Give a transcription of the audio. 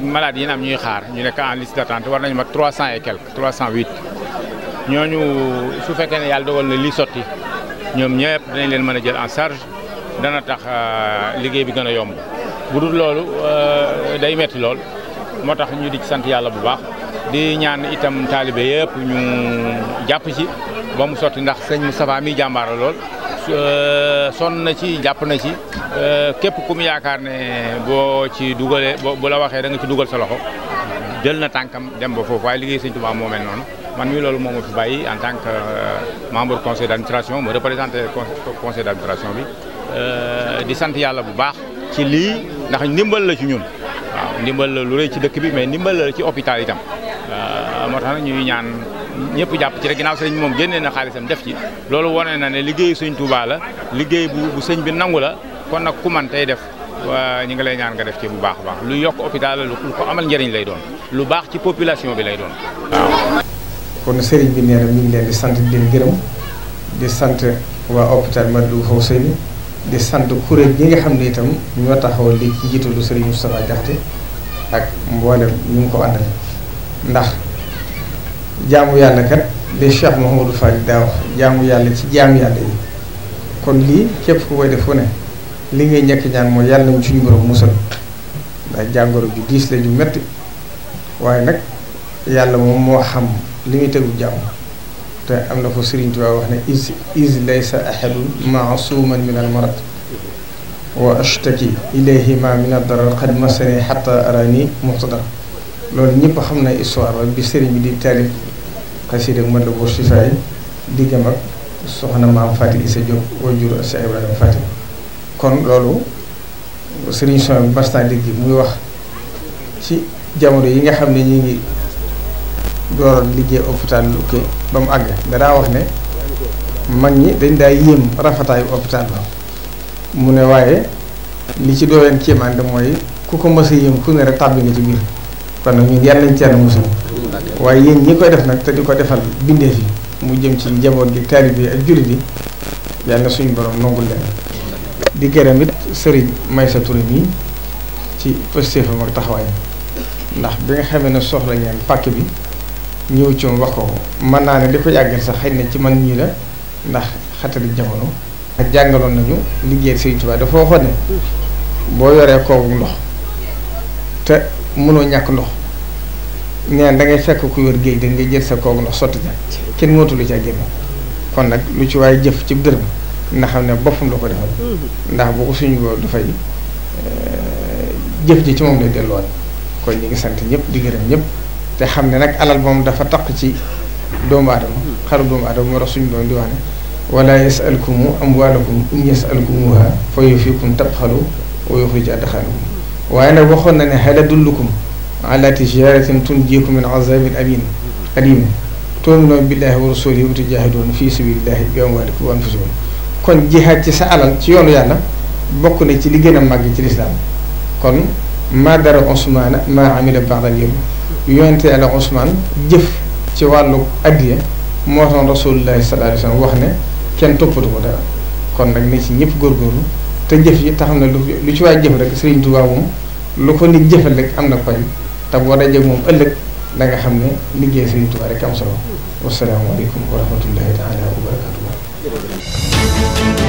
malades yi am ñuy xaar ñu nekk en liste d'attente war nañu mat trois cent et quelques trois cent huit ñooñu su fekkee ne yàlla dogal na li sotti ñoom ñëpp dinañ leen mën a jël en charge dana tax euh, liggéey bi gën a yomb bu dul loolu euh, day metti lool moo tax ñu di ci sant yàlla bu baax di ñaan itam taalibe yëpp ñu jàpp ci ba mu sotti ndax sëñ Moustapha mi jàmbaara lool Euh, sonn na ci jàpp na ci euh, képp ku mu yaakaar ne boo ci dugalee boo bu la waxee da nga ci dugal sa loxo jël na tànkam dem ba foofu waaye liggéey sëñ Tuubaa moo mel noonu man mii loolu moo ma fi bàyyi en tant que euh, membre conseil d'administration ma représenté conseil d'administration bi di sant yàlla bu baax ci lii ndax ndimbal la ci ñun waaw ndimbal la lu rëy ci dëkk bi mais ndimbal la ci hôpital itam moo tax ñuy ñaan ñëpp jàpp ci rek ginnaaw sëriñ bi moom génnee na xaalisam def ci loolu wane na ne liggéey sëñ Touba la liggéey bu sëñ bi nangu la kon nag ku man tey def ñi ngi lay ñaan nga def ci bu baax a baax lu yokk hôpital amal njëriñ lay doon lu baax ci population bi lay doon waaw. sëriñ bi nee na ngi leen di sant di leen gërëm di sant waa hôpital Matlaboul Fawzayni di sant kuréel gi nga xam ne itam ñoo taxawal li ci njiitalu sëriñ Moustapha Diakhaté ak mboolem ñu ngi ko àndal ndax. jaamu yàlla kat li Cheikh Mouhamadou Fadi daa wax jaamu yàlla ci jaamu yàlla yi kon lii képp ko koy def fu ne li ngay ñekk ñaan mooy yàlla nañu suñu borom musal ndax jàngoro ju diis la ju metti waaye nag yàlla moom moo xam li muy tegu jàmm te am na ko Sëriñ Tuubaa wax ne is is laysa ahadun maasuman min al marad wa ashtaki ilayhi ma min ad darar qad masani hatta arani loolu ñëpp xam na histoire bi sëriñ bi di taalif xasida mën la bu sifaay diggam ak soxna maam Faty Issa Diop wajur ak Cheikh Ibrahima Faty kon loolu sëriñ son bi bastan dégg muy wax ci jamono yi nga xam ne ñu ngi dooroon liggéey hôpital Lukke ba mu àgg danaa wax ne mag ñi dañ daa yéem rafetaayu hôpital ba mu ne waaye li ci dooleen kéemaan mooy ku ko mës a yéem ku ne rek tàbbi nga ci biir kon nag ñun yàlla nañ ci yàlla musal waaye yéen ñi koy def nag te di ko defal bindeef yi mu jëm ci njaboot gi taalibe yi ak jullit yi yàlla na suñu borom nongul leen di gërëm it sëriñ sa Touré bi ci pëstéefam ak taxawaay ndax bi nga xamee ne soxla ñeen pàkk bi ñëw ci wax ko mën naa ne di ko yàggal sax xëy na ci man ñii la ndax xatali jamono ak jàngaloon nañu liggéey Sëriñ Tuubaa dafa waxoon ne boo yoree kooku ndox te mënoo ñàkk ndox neen da ngay fekk ku wér géej dañ nga jël sa kook ndox sotti ca kenn mootu lu ca génne kon nag lu ci waaye jëf ci dërëm na xam ne boppam la ko defal mm-hmm. ndax bu ko suñu boor dafay eh, jëf ji ci moom lay delluwaat kon ñu ngi sant ñëpp di gërëm ñëpp te xam ne nag alal moom dafa takk ci doomu aadama mm-hmm. xaru doomu aadama moo tax suñu doon di wax ne wala yasalkumu waa in yasalkumuha fa yufikum tabxalu wa yuxrij adxaanakum وانا بخون ان هل دلكم على تجارة تنجيكم من عذاب الأبين أليم تؤمنوا بالله ورسوله وتجاهدون في سبيل الله بأموالك وأنفسكم كون جهاد تسألا تيون يانا بكون تلقينا ماجي تلسلام كون ما دار عثمان ما عمل بعض اليوم يوانتي على عثمان جف تيوالو أدية موطن رسول الله صلى الله عليه وسلم وحنا كان توبت غدا كون نجنيش نيب غرغر تجف يتحمل لكي واجف رك سرين دواهم lu ko nit jëfal rek am na koy te boo dajee moom ëllëg da nga xam ne liggéey Sëriñ Tuubaa rek am solo wasalaamaaleykum wa rahmatullahi taala wa barakatuh